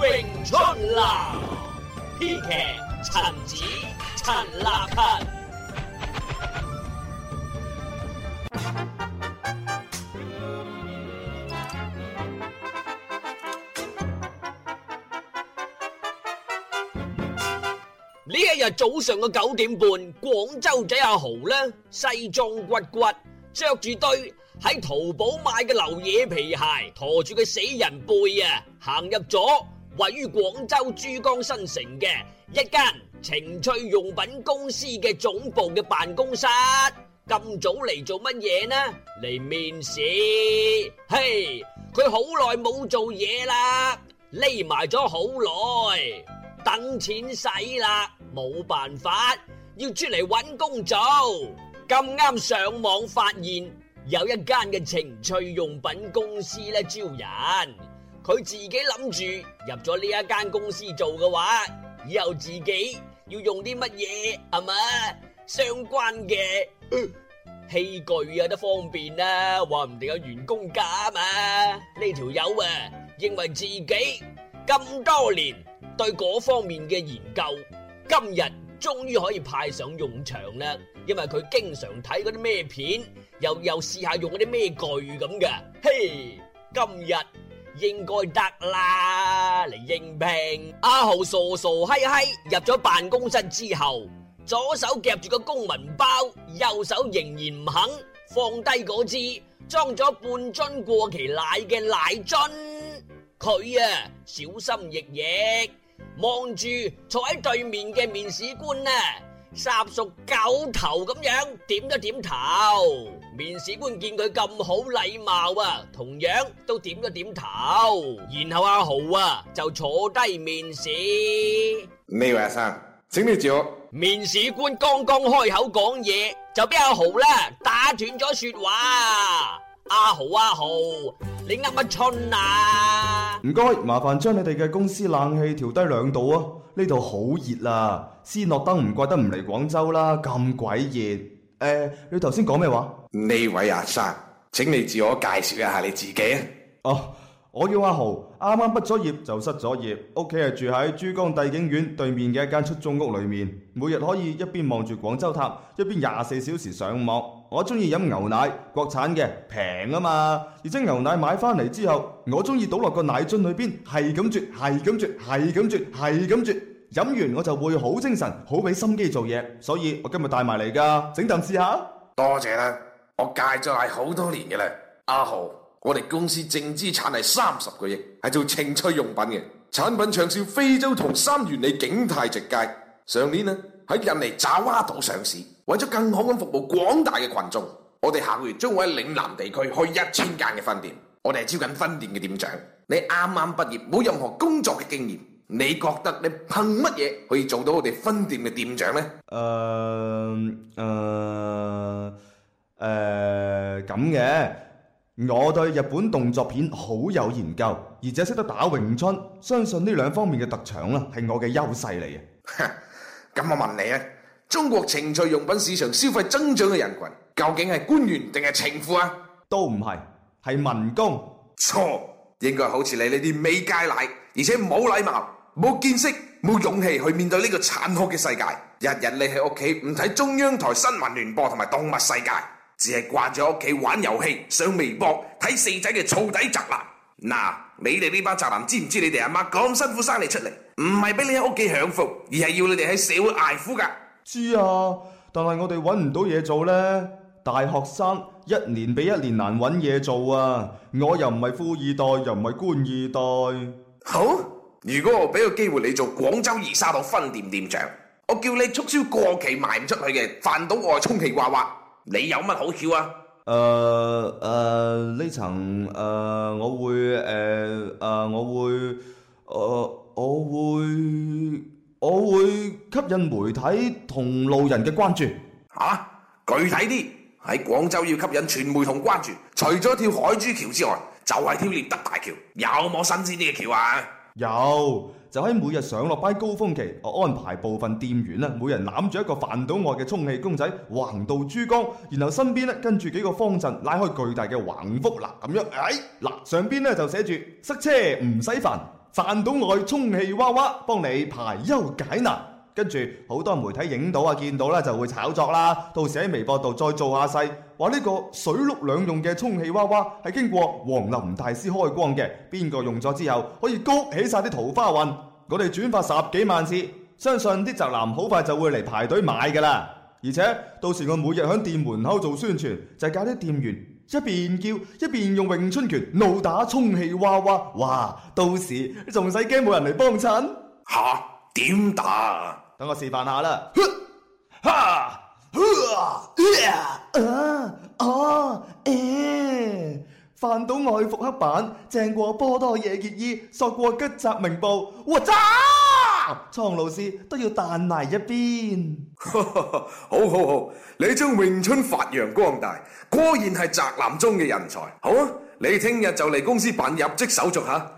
詠春男，編劇陳子陳立克。呢一日早上嘅九點半，廣州仔阿豪呢，西裝骨骨，著住對喺淘寶買嘅流嘢皮鞋，駝住個死人背啊，行入咗位於廣州珠江新城嘅一間情趣用品公司嘅總部嘅辦公室，咁早嚟做乜嘢呢？嚟面試。嘿，佢好耐冇做嘢啦，匿埋咗好耐，等錢使啦，冇辦法要出嚟搵工做。咁啱上網發現有一間嘅情趣用品公司咧招人。佢自己諗住入咗呢一間公司做嘅話，以後自己要用啲乜嘢係嘛，相關嘅器具有得方便啦。話唔定有員工假嘛。呢條友啊，認為自己咁多年對嗰方面嘅研究，今日終於可以派上用場啦。因為佢經常睇嗰啲咩片，又又試下用嗰啲咩具咁嘅。嘿，今日。應該得啦，嚟應聘。阿豪傻傻嘿嘿，入咗辦公室之後，左手夾住個公文包，右手仍然唔肯放低嗰支裝咗半樽過期奶嘅奶樽。佢啊，小心翼翼望住坐喺對面嘅面試官呢。煞熟狗頭咁樣，點咗點頭。面試官見佢咁好禮貌啊，同樣都點咗點頭。然後阿、啊、豪啊就坐低面試。呢位阿生，請你坐。面試官剛剛開口講嘢，就俾阿豪啦打斷咗說話。阿、啊、豪、阿、啊、啊豪、啊、豪，你噏乜春啊？唔該，麻煩將你哋嘅公司冷氣調低兩度啊，呢度好熱啦、啊。斯諾登唔怪得唔嚟廣州啦，咁鬼熱、啊。你頭先講咩話？呢位阿生，請你自我介紹一下你自己、啊哦。我叫阿豪，啱啱畢咗業就失咗業，屋企係住喺珠江帝景院對面嘅一間出租屋裏面，每日可以一邊望住廣州塔，一邊廿四小時上網。我中意飲牛奶，國產嘅平啊嘛。而將牛奶買翻嚟之後，我中意倒落個奶樽裏邊，係咁啜，係咁啜，係咁啜，係咁啜。飲完我就會好精神，好畀心機做嘢，所以我今日帶埋嚟噶，整啖試,試下。多謝啦，我戒咗係好多年嘅啦。阿豪，我哋公司淨資產係三十個億，係做情趣用品嘅，產品暢銷非洲同三元里景泰直街。上年呢喺印尼爪哇島上市，為咗更好咁服務廣大嘅群眾，我哋下個月將會喺嶺南地區開一千間嘅分店。我哋係招緊分店嘅店長，你啱啱畢業，冇任何工作嘅經驗。你覺得你憑乜嘢可以做到我哋分店嘅店長咧？誒誒誒咁嘅，我對日本動作片好有研究，而且識得打詠春，相信呢兩方面嘅特長啦係我嘅優勢嚟嘅。咁我問你啊，中國情趣用品市場消費增長嘅人群究竟係官員定係情婦啊？都唔係，係民工。錯，應該好似你呢啲未戒奶，而且冇禮貌。冇見識，冇勇氣去面對呢個殘酷嘅世界。日日匿喺屋企，唔睇中央台新聞聯播同埋動物世界，只係掛住屋企玩遊戲、上微博、睇四仔嘅燥底宅男。嗱，啊，你哋呢班宅男知唔知你哋阿媽咁辛苦生你出嚟？唔係俾你喺屋企享福，而係要你哋喺社會挨苦噶。知啊，但係我哋搵唔到嘢做呢。大學生一年比一年難搵嘢做啊！我又唔係富二代，又唔係官二代。好。如果我俾個機會你做廣州二沙島分店店長，我叫你促銷過期賣唔出去嘅飯島愛充氣娃娃，你有乜好笑啊？誒誒、呃、呢、呃、層、呃我，呃呃我，呃、我，我，我會吸引媒體同路人嘅關注，啊、具體啲喺廣州要吸引傳媒同關注，除咗跳海珠橋之外，就係跳獵德大橋，有冇新鮮啲嘅橋啊？有就喺每日上落班高峰期，我安排部分店員啦，每人攬住一個飯島外嘅充氣公仔橫渡珠江，然後身邊咧跟住幾個方陣拉開巨大嘅橫幅啦，咁樣，哎，嗱上邊呢，就寫住塞車唔使煩，飯島外充氣娃娃幫你排憂解難。跟住好多媒體影到啊，見到啦就會炒作啦。到時喺微博度再做下勢，話呢個水陸兩用嘅充氣娃娃係經過黃林大師開光嘅，邊個用咗之後可以谷起晒啲桃花運，我哋轉發十幾萬次，相信啲宅男好快就會嚟排隊買噶啦。而且到時我每日喺店門口做宣傳，就係教啲店員一邊叫一邊用詠春拳怒打充氣娃娃，哇！到時仲使驚冇人嚟幫襯嚇？點打啊？等我示範下啦！哈，啊，啊，哦、欸，誒，飯島外復黑板正過波多野結衣，索過吉澤明步，我渣蒼老師都要彈埋一邊。 好好好，你將詠春發揚光大，果然係宅男中嘅人才。好啊，你聽日就嚟公司辦入職手續吓、啊。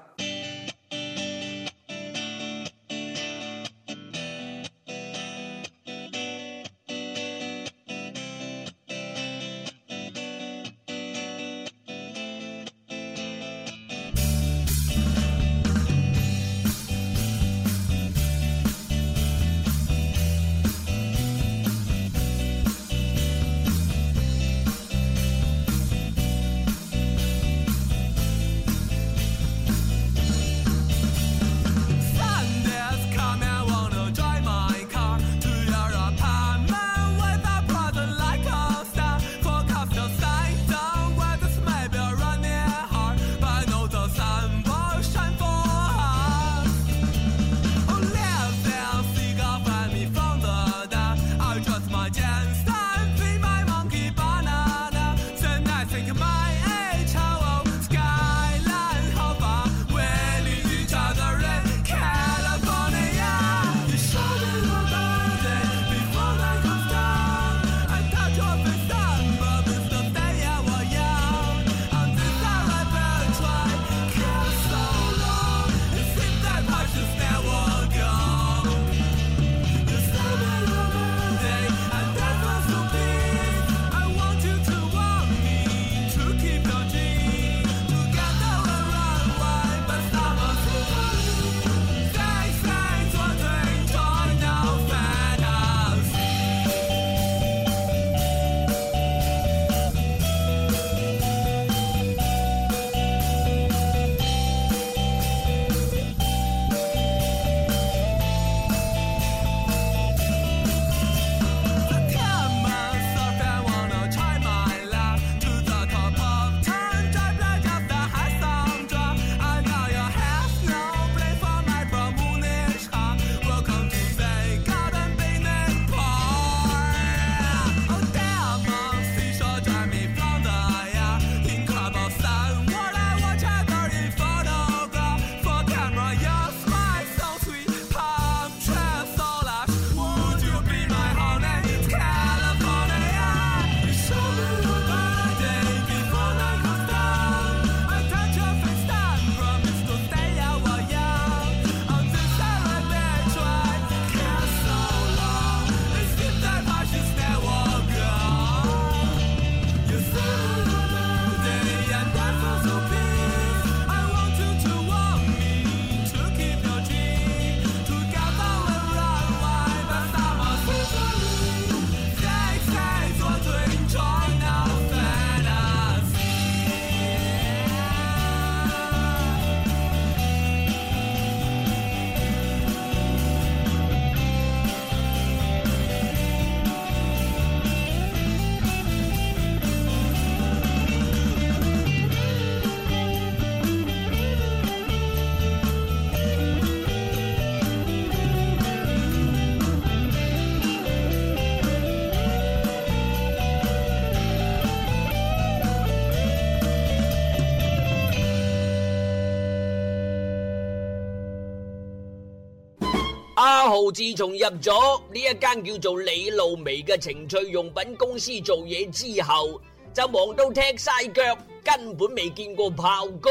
自自從入咗呢一間叫做李露薇嘅情趣用品公司做嘢之後，就忙到踢晒腳，根本未見過炮哥。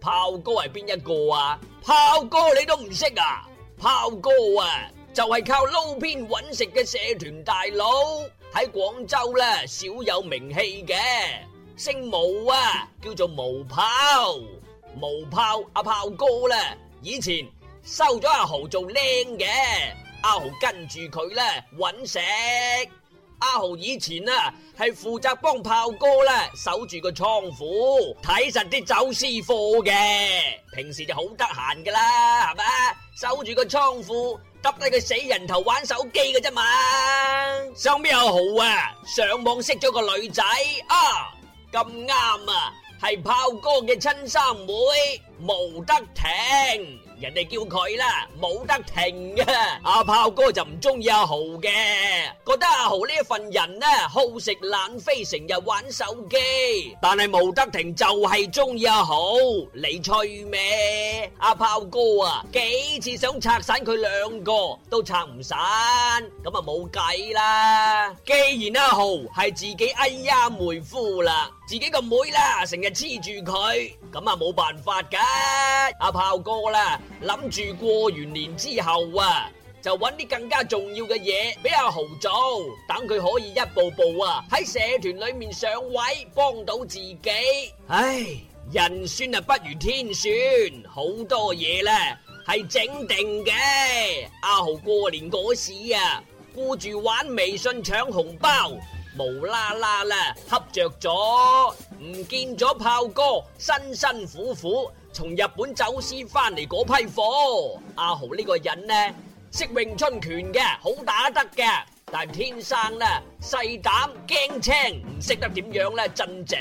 炮哥係邊一個啊？炮哥你都唔識啊？炮哥啊，就係靠撈偏揾食嘅社團大佬喺廣州呢，小有名氣嘅，姓毛啊，叫做毛炮，毛炮阿炮哥呢，以前。收咗阿豪做僆嘅，阿豪跟住佢呢，揾食。阿豪以前啊係負責幫炮哥呢守住個倉庫，睇實啲走私貨嘅。平時就好得閒噶啦，係咪守住個倉庫，揼低個死人頭玩手機噶啫嘛。收邊阿豪啊，上網識咗個女仔啊，咁啱啊，係炮哥嘅親生妹。冇得停，人哋叫佢啦，冇得停啊，阿炮哥就唔中意阿豪嘅，覺得阿豪呢一份人呢好食懶飛，成日玩手機。但係冇得停就係中意阿豪，你吹咩。阿炮哥啊，幾次想拆散佢兩個都拆唔散，咁啊冇計啦。既然阿豪係自己哎呀妹夫啦，自己個妹啦，成日黐住佢，咁啊冇辦法噶。阿炮哥啦，諗住過完年之後啊，就揾啲更加重要嘅嘢俾阿豪做，等佢可以一步步啊喺社團裏面上位，幫到自己。唉，人算啊不如天算，好多嘢呢係整定嘅。阿豪過年嗰時啊，顧住玩微信搶紅包，無啦啦啦，恰着咗，唔見咗。炮哥辛辛苦苦。從日本走私翻嚟嗰批貨，阿豪呢個人呢，識詠春拳嘅，好打得嘅，但係天生呢，細膽驚青，唔識得點樣呢，鎮靜，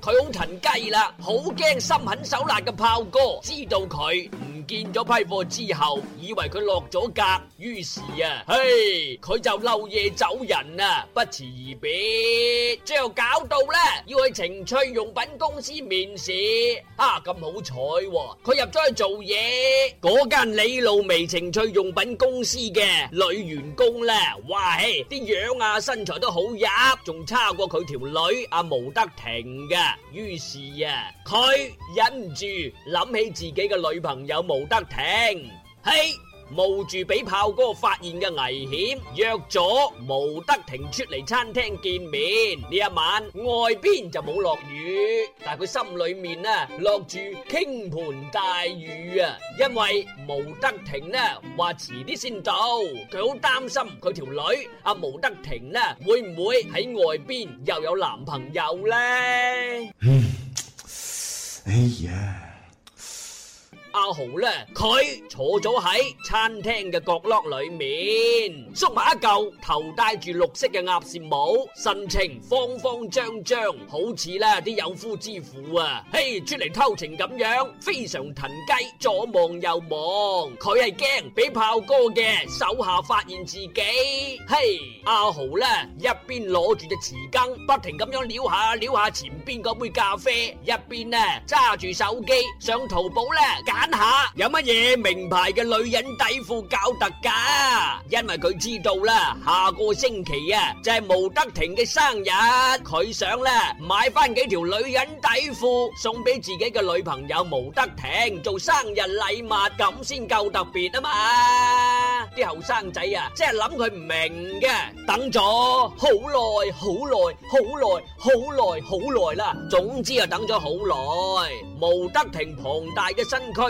佢好騰雞啦，好驚心狠手辣嘅炮哥知道佢。見咗批貨之後，以為佢落咗格，於是啊，嘿，佢就漏夜走人啊，不辭而別。最後搞到咧，要去情趣用品公司面試。啊，咁好彩，佢入咗去做嘢。嗰間李露微情趣用品公司嘅女員工咧，哇，嘿，啲樣啊，身材都好入，仲差過佢條女啊，毛德婷嘅。於是啊，佢忍唔住諗起自己嘅女朋友。毛德婷，嘿，冒住俾炮哥發現嘅危險，約咗毛德婷出嚟餐廳見面。呢一晚外邊就冇落雨，但係佢心裏面呢落住傾盆大雨啊！因為毛德婷呢話遲啲先到，佢好擔心佢條女阿毛德婷呢會唔會喺外邊又有男朋友呢？嗯，哎呀！阿豪呢，佢坐咗喺餐廳嘅角落裏面，縮埋一嚿，頭戴住綠色嘅鴨舌帽，神情慌慌張張，好似呢啲有夫之婦啊！嘿，出嚟偷情咁樣，非常騰雞，左望右望，佢係驚俾炮哥嘅手下發現自己。嘿，阿豪呢一邊攞住隻匙羹，不停咁樣撩下撩下前邊嗰杯咖啡，一邊呢揸住手機上淘寶呢。等下有乜嘢名牌嘅女人底褲搞特價？因為佢知道啦，下個星期啊，就係毛德婷嘅生日，佢想呢買翻幾條女人底褲送俾自己嘅女朋友毛德婷做生日禮物，咁先夠特別啊嘛！啲後生仔啊，真係諗佢唔明嘅，等咗好耐，好耐，好耐，好耐，好耐啦。總之啊，等咗好耐。毛德婷龐大嘅身軀。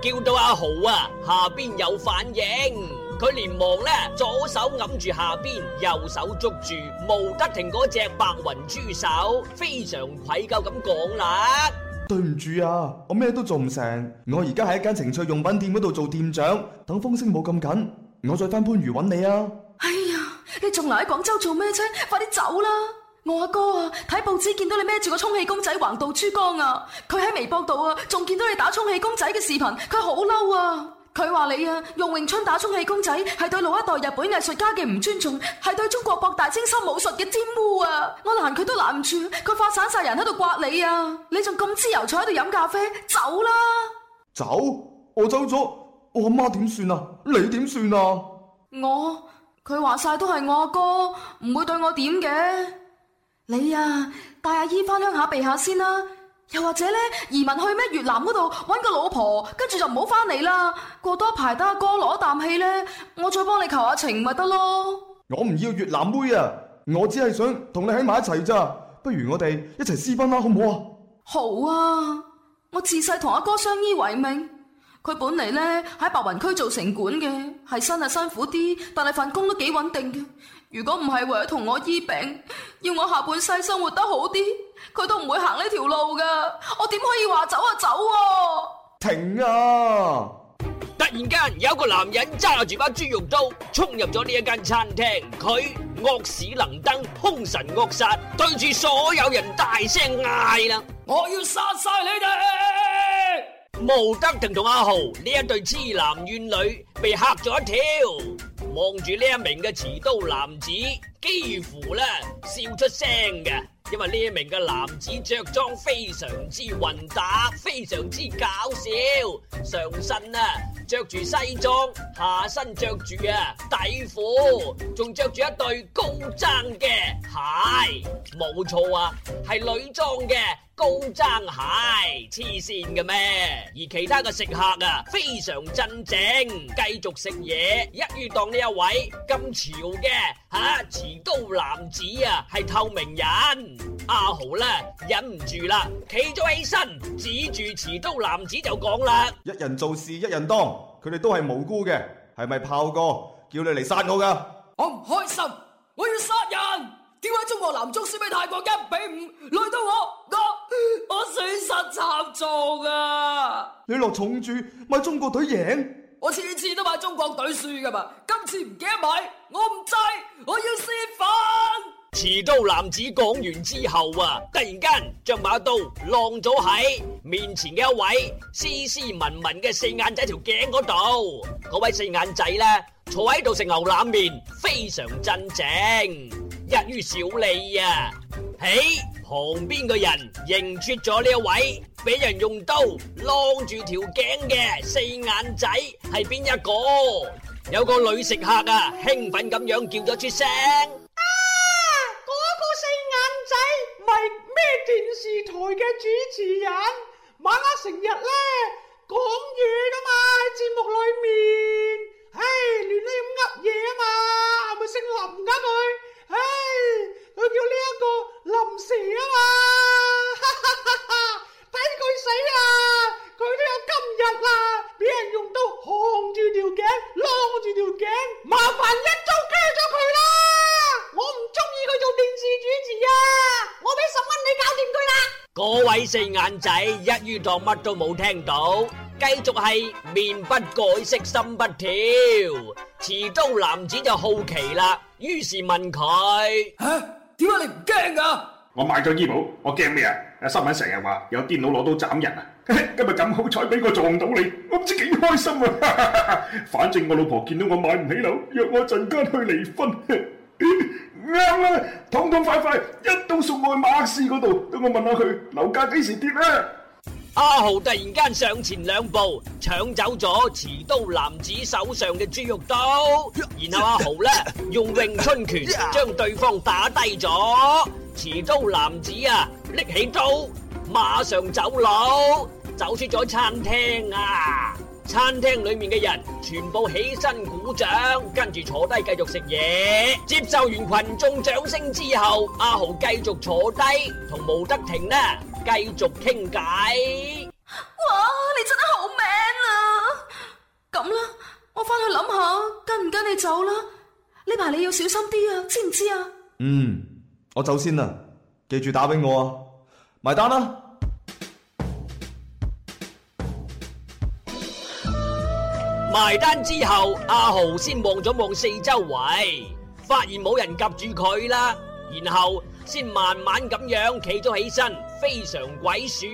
叫到阿豪啊，下邊有反應，佢連忙咧左手揞住下邊，右手捉住無得停嗰隻白雲豬手，非常愧疚咁講啦：，對唔住啊，我咩都做唔成，我而家喺一間情趣用品店嗰度做店長，等風聲冇咁緊，我再翻番禺揾你啊！哎呀，你仲留喺廣州做咩啫？快啲走啦！我阿哥啊，睇報紙見到你孭住個充氣公仔橫渡珠江啊，佢喺微博度啊，仲見到你打充氣公仔嘅視頻，佢好嬲啊。佢話你啊，用詠春打充氣公仔係對老一代日本藝術家嘅唔尊重，係對中國博大精深武術嘅玷污啊！我攔佢都攔唔住，佢發散晒人喺度刮你啊！你仲咁自由坐喺度飲咖啡，走啦！走？我走咗，我阿媽點算啊？你點算啊？我？佢話晒都係我阿哥，唔會對我點嘅。你啊，帶阿姨翻鄉下避下先啦。又或者咧，移民去咩越南嗰度揾個老婆，跟住就唔好翻嚟啦。過多排得阿哥攞一啖氣咧，我再幫你求下情咪得咯。我唔要越南妹啊，我只係想同你喺埋一齊咋。不如我哋一齊私奔啦，好唔好啊？好啊！我自細同阿哥相依為命，佢本嚟咧喺白雲區做城管嘅，係新啊辛苦啲，但係份工都幾穩定嘅。如果唔係為咗同我醫病，要我下半世生活得好啲，佢都唔會行呢條路噶。我點可以話走啊走啊？停啊！突然間有一個男人揸住把豬肉刀衝入咗呢一間餐廳，佢惡屎能登，凶神惡煞，對住所有人大聲嗌啦：我要殺晒你哋！毛德婷同阿豪呢一對痴男怨女被吓咗一跳。望住呢一名嘅持刀男子，幾乎咧笑出聲嘅。因為呢一名嘅男子着裝非常之混搭，非常之搞笑。上身啊着住西裝，下身着住啊底褲，仲着住一對高踭嘅鞋。冇錯啊，係女裝嘅高踭鞋。黐線㗎咩？而其他嘅食客啊，非常鎮靜，繼續食嘢。 一於當呢一位咁潮嘅吓、啊，持刀男子啊，係透明人。阿豪呢，忍唔住啦，企咗起身，指住持刀男子就講啦：一人做事一人當，佢哋都係無辜嘅，係咪炮哥叫你嚟殺我噶？我唔開心，我要殺人！點解中國男足輸俾泰國一比五？累到我，我我損失慘重啊！你落重注買中國隊贏，我次次都買中國隊輸噶嘛，今次唔記得買，我唔制，我要泄憤。持刀男子講完之後啊，突然間將把刀晾咗喺面前嘅一位斯斯文文嘅四眼仔條頸嗰度。嗰位四眼仔咧坐喺度食牛腩麵，非常鎮靜，一於少理啊！喺旁邊嘅人認出咗呢一位俾人用刀晾住條頸嘅四眼仔係邊一個？有個女食客啊，興奮咁樣叫咗出聲。係咩電視台嘅主持人？晚黑成日咧講嘢噶嘛，喺節目裏面，唉亂亂噏嘢啊嘛，係咪姓林噶、啊、佢？唉，佢叫呢一個林蛇啊嘛，哈哈哈哈。睇佢死啦！佢都有今日啦！俾人用刀控住條頸，晾住條頸，麻煩一刀交咗佢啦！我唔中意佢做電視主持啊！我俾十蚊你搞掂佢啦！嗰位四眼仔一於當乜都冇聽到，繼續係面不改色心不跳。持刀男子就好奇啦，於是問佢，吓，點解你唔驚啊？我買咗醫保，我驚咩啊？新聞成日話有電腦攞刀斬人啊！ 今日咁好彩俾我撞到你，我唔知幾開心啊！ 反正我老婆見到我買唔起樓，約我陣間去離婚，啱 啦、啊，痛痛快快一刀送我去馬克思嗰度，等我問下佢樓價幾時跌呢。阿豪突然間上前兩步，搶走咗持刀男子手上嘅豬肉刀，然後阿豪呢，用詠春拳將對方打低咗。持刀男子啊，拎起刀馬上走佬，走出咗餐廳啊！餐廳裏面嘅人全部起身鼓掌，跟住坐低繼續食嘢。接受完群眾掌聲之後，阿豪繼續坐低同毛德婷呢。繼續傾偈。哇，你真係好 man 啊！咁啦，我翻去諗下跟唔跟你走啦。呢排你要小心啲啊，知唔知啊？嗯，我走先啦，記住打俾我啊！埋單啦！埋單之後，阿豪先望咗望四周圍，發現冇人夾住佢啦，然後先慢慢咁樣企咗起身。非常鬼鼠，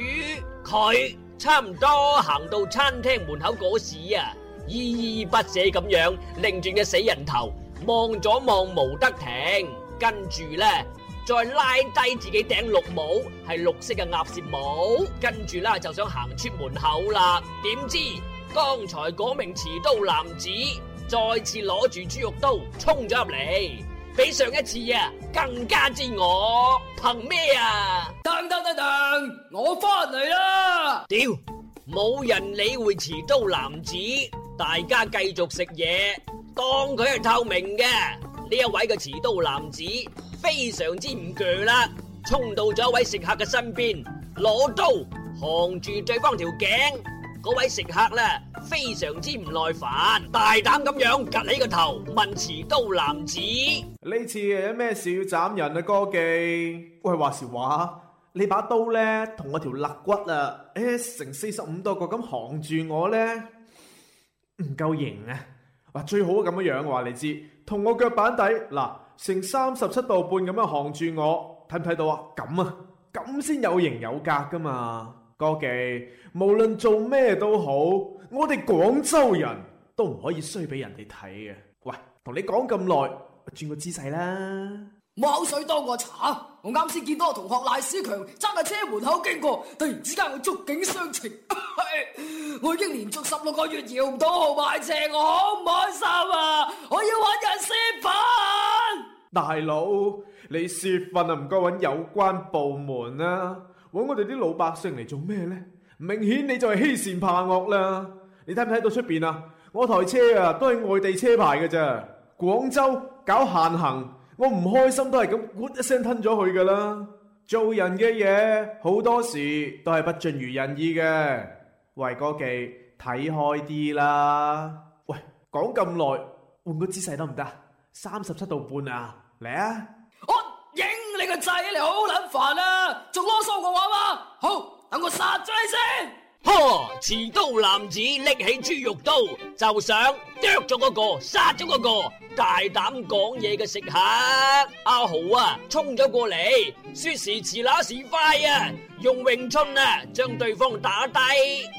佢差唔多行到餐廳門口嗰時啊，依依不捨咁樣擰住嘅死人頭望咗望吳德庭，跟住呢，再拉低自己頂綠帽，係綠色嘅鴨舌帽，跟住啦就想行出門口啦，點知剛才嗰名持刀男子再次攞住豬肉刀衝咗入嚟。比上一次啊更加之我，憑咩啊？噔噔噔噔，我翻嚟啦！屌，冇人理會持刀男子，大家繼續食嘢，當佢係透明嘅。呢一位嘅持刀男子非常之唔鋸啦，衝到咗一位食客嘅身邊，攞刀行住對方條頸。嗰位食客咧非常之唔耐煩，大膽咁樣岌起個頭問持刀男子：呢次有咩事要斬人啊？哥記，喂，話時話，你把刀咧同我條肋骨、欸、啊，誒，成四十五度角咁行住我咧，唔夠型啊！哇，最好咁樣樣，我話你知，同我腳板底嗱，成三十七度半咁樣行住我，睇唔睇到啊？咁啊，咁先有型有格噶嘛，哥記。無論做咩都好，我哋廣州人都唔可以衰俾人哋睇嘅。喂，同你講咁耐，轉個姿勢啦。我口水多過茶，我啱先見到個同學賴思強揸喺車門口經過，突然之間我觸景傷情。 我已經連續十六個月搖唔到號買車，我好唔開心啊！我要揾人洩憤、啊。大佬，你洩憤啊？唔該揾有關部門啦、啊，揾我哋啲老百姓嚟做咩呢？明顯你就係欺善怕惡啦！你睇唔睇到出面啊？我台車啊都係外地車牌嘅咋，廣州搞限行，我唔開心都係咁咕一聲吞咗去噶啦。做人嘅嘢好多時都係不盡如人意嘅，喂哥記睇開啲啦。喂，講咁耐，換個姿勢得唔得？三十七度半啊，嚟啊！我影你個掣，你好撚煩啊！仲囉嗦我話嗎？好。等我殺咗你先！呵，持刀男子拎起豬肉刀，就想剁咗嗰個殺咗嗰個大膽講嘢嘅食客阿豪啊，衝咗過嚟，說時遲那時快啊，用詠春啊將對方打低，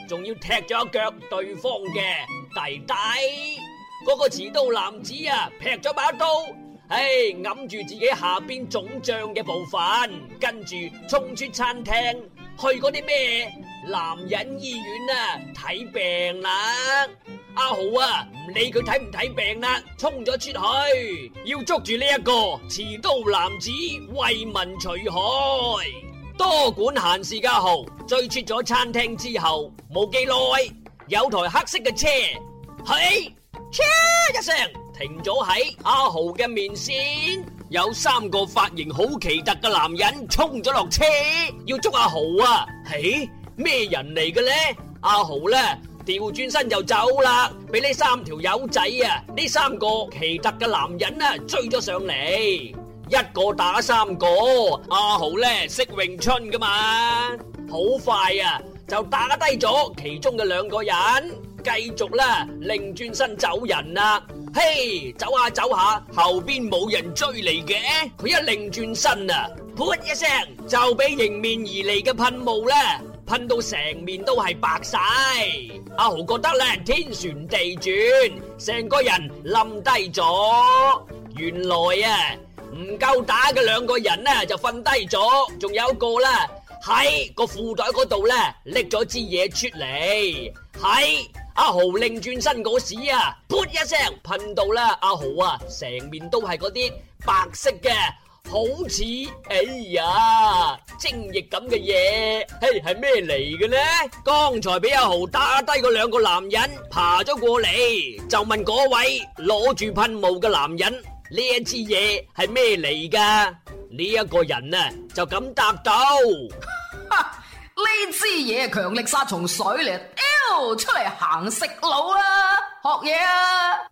仲要踢咗一腳對方嘅弟弟。嗰個持刀男子啊，劈咗把刀，唉，揞住自己下邊腫脹嘅部分，跟住衝出餐廳。去嗰啲咩男人醫院啊睇病啦！阿豪啊，唔理佢睇唔睇病啦，衝咗出去，要捉住呢一個持刀男子為民除害，多管閒事家豪！追出咗餐廳之後冇幾耐，有台黑色嘅車，喺車一聲停咗喺阿豪嘅面前。有三個髮型好奇特嘅男人衝咗落車，要捉阿豪啊！嘿，咩人嚟嘅呢？阿豪呢、啊？調轉身就走啦，俾呢三條友仔啊，呢三個奇特嘅男人啊追咗上嚟，一個打三個。阿豪呢，識詠春㗎嘛，好快啊，就打低咗其中嘅兩個人。繼續啦，擰轉身走人啦，嘿，走下走下，後邊冇人追嚟嘅。佢一擰轉身啊，噗一聲就俾迎面而嚟嘅噴霧咧，噴到成面都係白晒。阿豪覺得咧天旋地轉，成個人冧低咗。原來啊，唔夠打嘅兩個人咧就瞓低咗，仲有個咧喺個褲袋嗰度咧拎咗支嘢出嚟喺。阿豪擰轉身嗰時啊，噗一聲噴到啦！阿豪啊，成面都係嗰啲白色嘅，好似哎呀精液咁嘅嘢，嘿，係咩嚟嘅咧？剛才俾阿豪打低嗰兩個男人爬咗過嚟，就問嗰位攞住噴霧嘅男人，呢一支嘢係咩嚟噶？呢一個人啊就咁答到。 呢支嘢強力殺蟲水嚟，屌、哎、出嚟行食路啊，學嘢啊！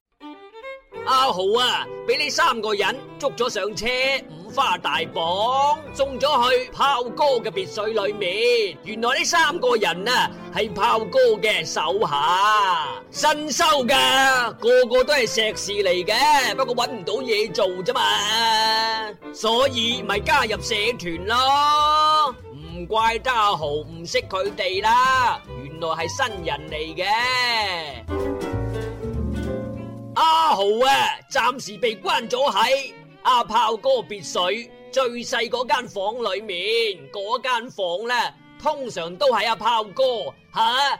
阿豪啊，俾呢三個人捉咗上車，五花大綁，送咗去炮哥嘅別墅裏面。原來呢三個人啊，係炮哥嘅手下，新收噶，個個都係碩士嚟嘅，不過揾唔到嘢做咋嘛，所以咪加入社團咯。唔怪得阿豪唔識佢哋啦，原來係新人嚟嘅。阿、啊、豪啊，暫時被關咗喺阿炮哥別墅最細嗰間房裏面，嗰間房呢，通常都係阿炮哥吓。啊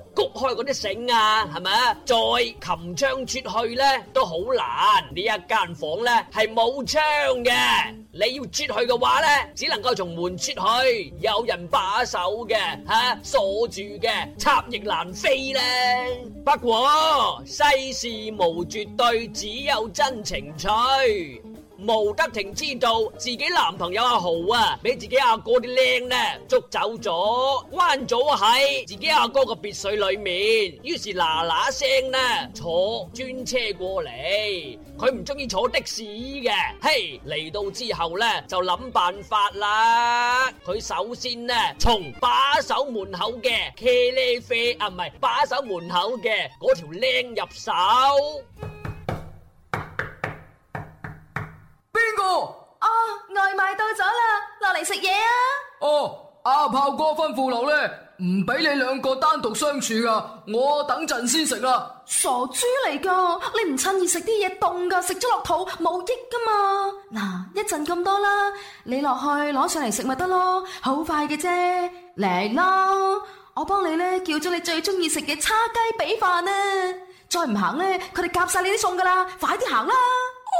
谷開嗰啲繩啊，係咪啊？再擒槍出去咧，都好難。一間呢，一間房咧，係冇槍嘅，你要出去嘅話咧，只能夠從門出去，有人把守嘅，吓、啊、鎖住嘅，插翼難飛咧。不過世事無絕對，只有真情趣。吳德廷知道自己男朋友阿豪啊，俾自己阿哥啲靚呢捉走咗，關咗喺自己阿哥個別墅裏面。於是嗱嗱聲呢，坐專車過嚟，佢唔中意坐的士嘅。嘿，嚟到之後呢，就諗辦法啦。佢首先呢，從把守門口嘅騎呢啡啊，唔係把守門口嘅嗰條靚入手。邊個？哦，外賣到咗啦，落嚟食嘢啊！哦，阿炮哥吩咐落咧，唔俾你兩個單獨相處噶，我等陣先食啊！傻豬嚟噶，你唔趁熱食啲嘢凍噶，食咗落肚冇益噶嘛！嗱，一陣咁多啦，你落去攞上嚟食咪得咯，好快嘅啫，嚟啦，我幫你咧，叫咗你最中意食嘅叉雞髀飯啊！再唔行咧，佢哋夾晒你啲餸噶啦，快啲行啦！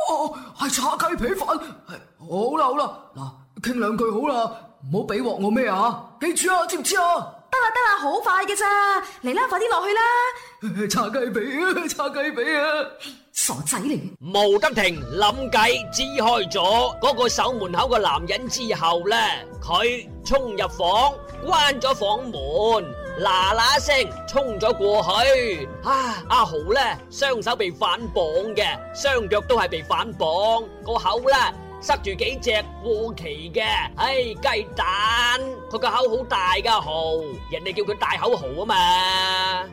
哦，係叉雞皮粉，係、哎、好啦好啦，嗱，傾兩句好啦，唔好俾鑊我咩啊，記住啊，知唔知啊？得啦得啦，好快嘅咋，嚟啦，快啲落去啦！叉雞 皮啊，叉雞皮啊，傻仔嚟嘅。毛德庭諗計支開咗嗰個守門口嘅男人之後咧，佢衝入房，關咗房門。嗱嗱聲衝咗過去，啊！阿豪咧雙手被反綁嘅，雙腳都係被反綁，個口咧塞住幾隻過期嘅，唉、哎，雞蛋！佢個口好大噶，豪，人哋叫佢大口豪啊嘛！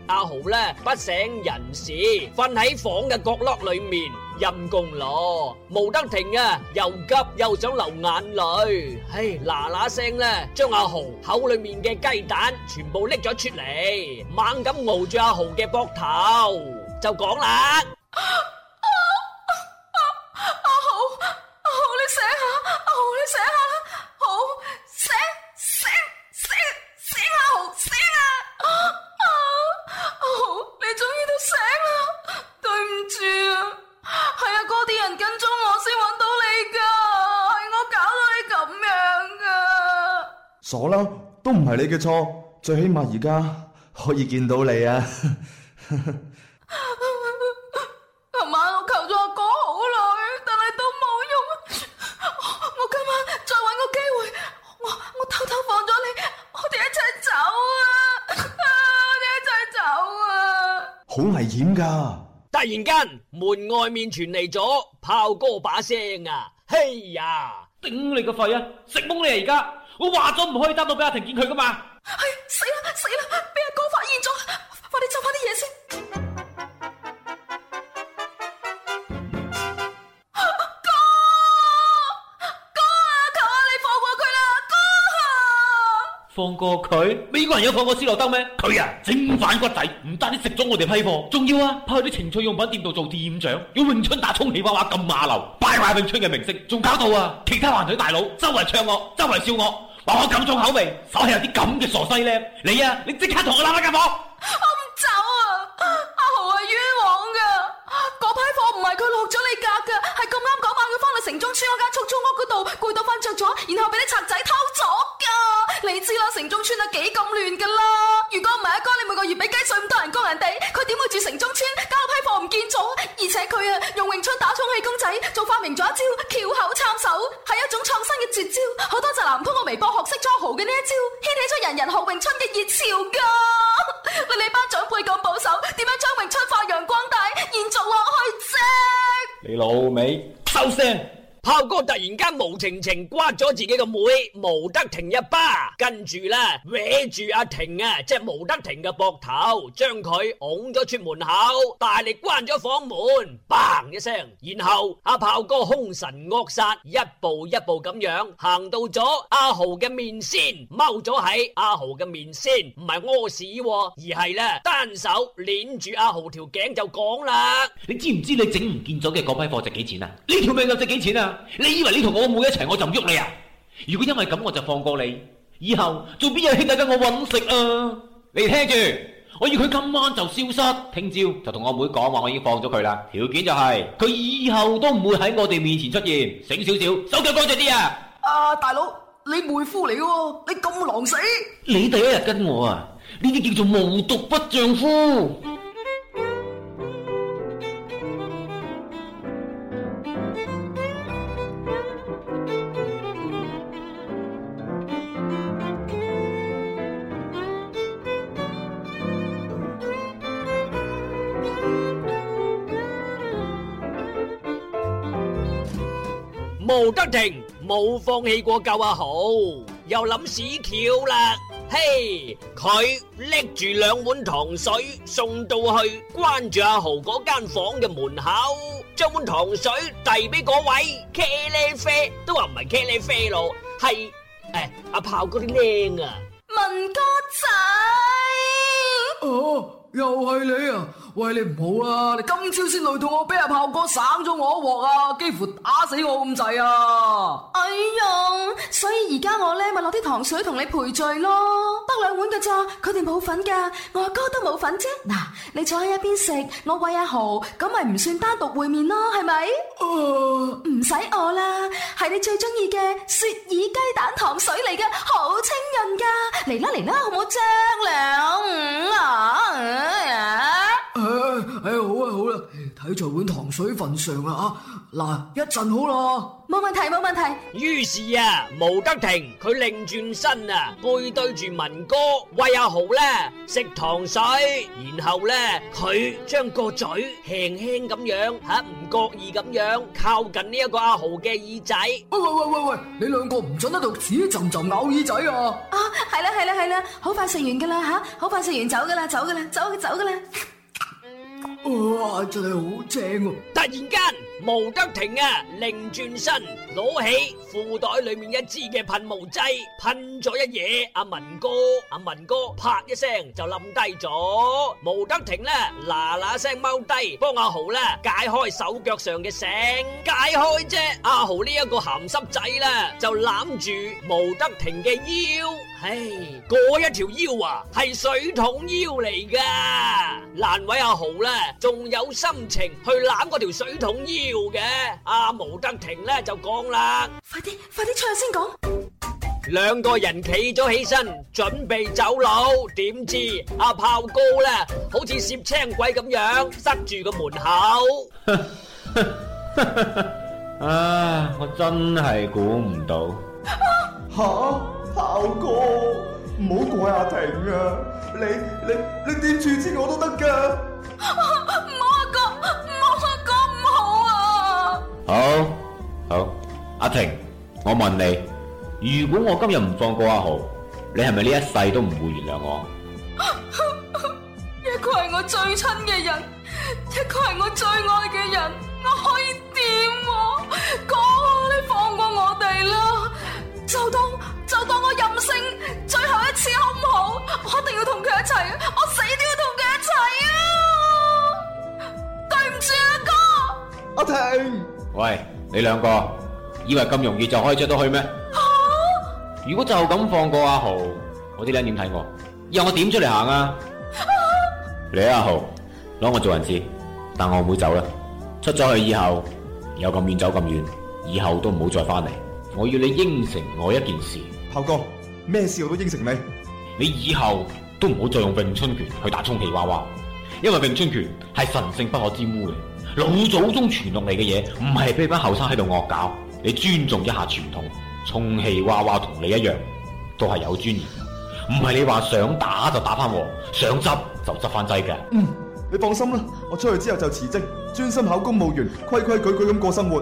阿豪咧不省人事，瞓喺房嘅角落裏面。陰公羅，冇得停啊！又急又想流眼淚，唉，嗱嗱聲咧，將阿紅口裏面嘅雞蛋全部拎咗出嚟，猛咁熬住阿紅嘅膊頭，就講啦。唔係你嘅錯，最起碼而家可以見到你啊 ！琴晚我求咗阿哥好耐，但係都冇用啊。我今晚再揾個機會，我我偷偷放咗你，我哋一齊走啊！我哋一齊走啊！好危險㗎！突然間，門外面傳嚟咗炮哥把聲啊！嘿呀！頂你個肺啊！食懵你而家！我話咗唔可以擔到俾阿婷見佢㗎嘛？係死啦死啦！俾阿哥發現咗，快啲執翻啲嘢先！哥，哥啊！求下你放過佢啦，哥！放過佢？美國人有放過斯諾登咩？佢啊，整反骨仔！唔單止食咗我哋批貨，仲要啊，派去啲情趣用品店度做店長，要詠春打充氣娃娃咁馬騮，敗壞詠春嘅名聲，仲搞到啊！其他還嘴大佬周圍唱我，周圍笑我。我咁重口味，手係有啲咁嘅傻西咧。你啊，你即刻同我拉翻間房，我唔走啊！阿豪係冤枉噶，嗰批貨唔係佢落咗你格噶，係咁啱嗰晚佢翻到城中村間出租屋度攰到翻着咗，然後俾啲賊仔偷咗嘅。你知啦，城中村啊幾咁亂噶啦！如果唔係阿哥，你每個月俾雞碎咁多人工人哋，佢點會住城中村？交批貨唔見咗，而且佢啊用詠春打充氣公仔，仲發明咗一招翹口摻手，係一種創新嘅絕招。好多宅男通過微博學識咗豪嘅呢一招，掀起咗人人學詠春嘅熱潮噶。 你哋班長輩咁保守，點樣將詠春發揚光大，延續落去啫？你老味收聲！炮哥突然間無情情摑咗自己嘅妹吳德婷一巴，跟住呢搲住阿婷啊，即係吳德婷嘅膊頭，將佢拱咗出門口，大力關咗房門，砰一聲，然後阿炮哥兇神惡煞，一步一步咁樣行到咗阿豪嘅面先，踎咗喺阿豪嘅面先，唔係屙屎，而係咧單手捏住阿豪條頸就講啦，你知唔知你整唔見咗嘅嗰批貨值幾錢啊？呢條命又值幾錢啊？你以為你同我妹一齊，我就唔喐你啊？如果因為咁我就放過你，以後做邊有兄弟跟我揾食啊？你聽住，我要佢今晚就消失，聽朝就同我妹講話，我已經放咗佢啦。條件就係佢以後都唔會喺我哋面前出現。醒少少，手腳乾淨啲啊！啊，大佬，你妹夫嚟喎，你咁狼死？你第一日跟我啊？呢啲叫做無毒不丈夫。胡德廷冇放棄過救阿豪，又諗屎橋啦。嘿，佢拎住兩碗糖水送到去關住阿豪嗰間房嘅門口，將碗糖水遞俾嗰位茄喱啡，都話唔係茄喱啡咯，係誒阿炮哥啲靚啊，文哥仔，哦，又係你啊！喂，你唔好啊！你今朝先累到我俾阿炮哥省咗我一鑊啊，幾乎打死我咁滯啊！哎呀，所以而家我咧咪攞啲糖水同你賠罪咯，得兩碗噶咋？佢哋冇份噶，我阿哥都冇份啫。嗱，你坐喺一邊食，我餵阿豪，咁咪唔算單獨會面咯，係咪？唔使我啦，係你最中意嘅雪耳雞蛋糖水嚟嘅，好清潤噶，嚟啦嚟啦，好唔好，張良啊？佢就喺碗糖水份上啊。吓嗱一陣好啦，冇問題冇問題。問題於是啊，毛德庭佢擰轉身啊，背對住文哥餵阿豪咧食糖水，然後咧佢將個嘴輕輕咁樣吓唔覺意咁樣靠近呢一個阿豪嘅耳仔。喂喂喂喂喂，你兩個唔准喺度屎一浸浸咬耳仔啊，哦！啊，係啦係啦係啦，好快食完噶啦吓，好快食完走噶啦，走噶啦，走走噶啦。哇！真係好正！突然間，毛德庭啊，擰轉身，攞起褲袋裏面一支嘅噴霧劑，噴咗一嘢。阿文哥，阿文哥，啪一聲就冧低咗。毛德庭咧，嗱嗱聲踎低，幫阿豪咧解開手腳上嘅繩，解開啫。阿豪呢一個鹹濕仔啦，就攬住毛德庭嘅腰。唉，嗰一條腰啊，係水桶腰嚟噶，難為阿豪啦，仲有心情去攬嗰條水桶腰嘅。阿毛德亭咧就講啦：快啲，快啲出去先講。兩個人企咗起身，準備走佬，點知阿炮哥咧好似攝青鬼咁樣塞住個門口。啊，我真係估唔到。吓！阿哥，唔好怪阿婷啊！你你你點處置我都得㗎。唔好阿哥，唔好阿哥唔好啊！好，好，阿婷，我問你，如果我今日唔放過阿豪，你係咪呢一世都唔會原諒我？ 一個係我最親嘅人，一個係我最愛嘅人，我可以點我哥，你放過我哋啦！就當就當我任性，最後一次好唔好？我一定要同佢一齊，我死都要同佢一齊啊！對唔住啊，哥。阿婷，喂，你兩個以為咁容易就可以出到去咩？好，啊，如果就咁放過阿豪，我啲人點睇我？以後我點出嚟行啊？啊，你阿豪攞我做人質，但我唔會走啦，啊。出咗去以後，有咁遠走咁遠，以後都唔好再翻嚟。我要你應承我一件事。炮哥，咩事我都應承你。你以後都唔好再用詠春拳去打充氣娃娃，因為詠春拳係神聖不可沾污嘅，老祖宗傳落嚟嘅嘢，唔係俾班後生喺度惡搞。你尊重一下傳統，充氣娃娃同你一樣都係有尊嚴，唔係你話想打就打翻喎，想執就執翻制嘅。嗯，你放心啦，我出去之後就辭職，專心考公務員，規規矩矩咁過生活。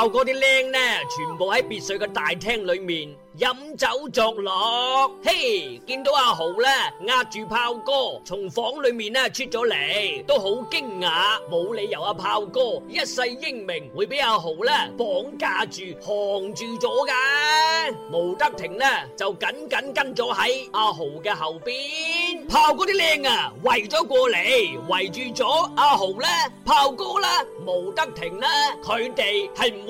炮哥啲僆呢，全部喺別墅嘅大廳裏面飲酒作樂。嘿，見到阿豪呢，壓住炮哥從房裏面呢出咗嚟，都好驚訝，冇理由阿炮哥一世英名會俾阿豪呢綁架住、行住咗㗎。毛德庭呢就緊緊跟咗喺阿豪嘅後邊。炮哥啲僆啊圍咗過嚟，圍住咗阿豪呢，炮哥啦，毛德庭呢，佢哋係唔？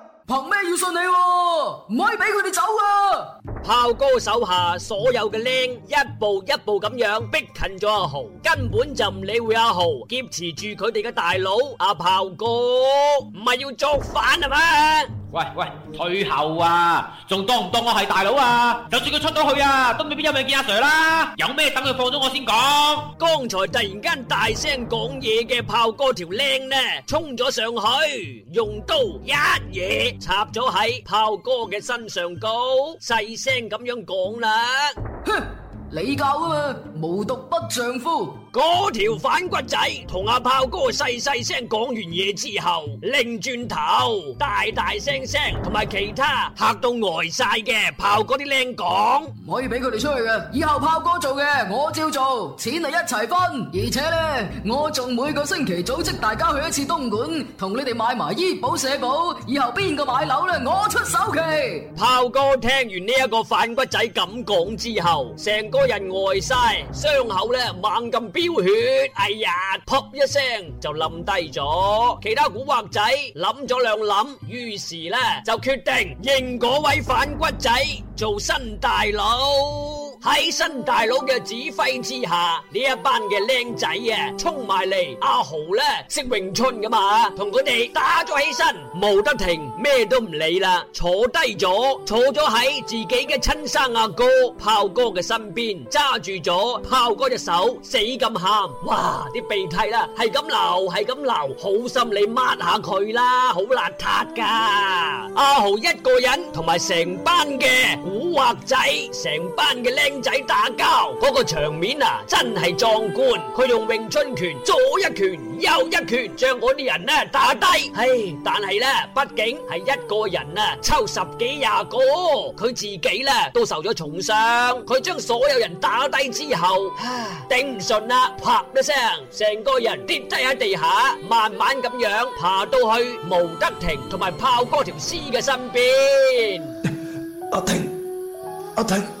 憑咩要信你啊？唔可以俾佢哋走啊！炮哥手下所有嘅僆一步一步咁樣逼近咗阿豪，根本就唔理會阿豪，劫持住佢哋嘅大佬阿炮哥，唔係要作反啊嘛？喂喂，退後啊！仲當唔當我係大佬啊？就算佢出到去啊，都未必有命見阿 Sir 啦！有咩等佢放咗我先講？剛才突然間大聲講嘢嘅炮哥條僆呢，衝咗上去，用刀一嘢插咗喺炮哥嘅身上度，細聲。咁樣講啦，哼，你教啊嘛，無毒不丈夫。嗰條反骨仔同阿炮哥細細聲講完嘢之後，擰轉頭大大聲聲同埋其他嚇到呆晒嘅炮哥啲靚講，唔可以俾佢哋出去嘅。以後炮哥做嘅，我照做，錢係一齊分。而且呢，我仲每個星期組織大家去一次東莞，同你哋買埋醫保社保。以後邊個買樓呢，我出首期。炮哥聽完呢一個反骨仔咁講之後，成個人呆晒，傷口呢猛咁。飆血，哎呀，撲一聲就冧低咗。其他古惑仔諗咗兩諗，於是呢就決定認嗰位反骨仔做新大佬。喺新大佬嘅指揮之下，呢一班嘅僆仔啊，衝埋嚟。阿豪咧識詠春噶嘛？同佢哋打咗起身，冇得停，咩都唔理啦，坐低咗，坐咗喺自己嘅親生阿哥炮哥嘅身邊，揸住咗炮哥隻手，死咁喊。哇！啲鼻涕啦、啊，係咁流，係咁流，好心你抹下佢啦，好邋遢噶。阿豪一個人同埋成班嘅古惑仔，成班嘅僆仔打交嗰個場面啊，真係壯觀！佢用詠春拳左一拳右一拳，將嗰啲人呢打低。唉，但係呢，畢竟係一個人啊，抽十幾廿個，佢自己呢都受咗重傷。佢將所有人打低之後，頂唔順啦，啪一聲，成個人跌低喺地下，慢慢咁樣爬到去吳德婷同埋炮哥條屍嘅身邊。阿婷，阿婷。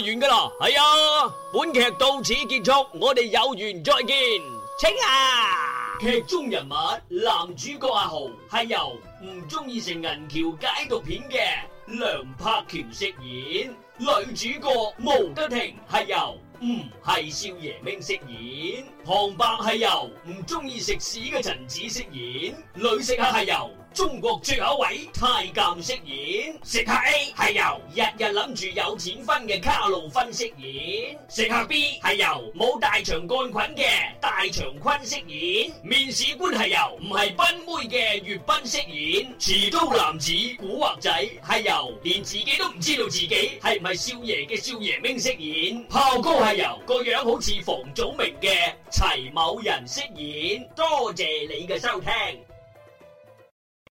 完噶啦，係啊！本劇到此結束，我哋有緣再見。請啊！劇中人物，男主角阿豪係由唔中意食銀翹解毒片嘅梁柏橋飾演，女主角毛德亭係由唔係少爺明飾演，旁白係由唔中意食屎嘅陳子飾演，女食客係由中國最後位太監飾演。食客 A 係由日日諗住有錢分嘅卡路分飾演。食客 B 係由冇大腸桿菌嘅大腸坤飾演。面試官係由唔係賓妹嘅粵斌飾演。持刀男子古惑仔係由連自己都唔知道自己係唔係少爺嘅少爺明飾演。炮哥係由個樣好似房祖名嘅齊某人飾演。多謝你嘅收聽。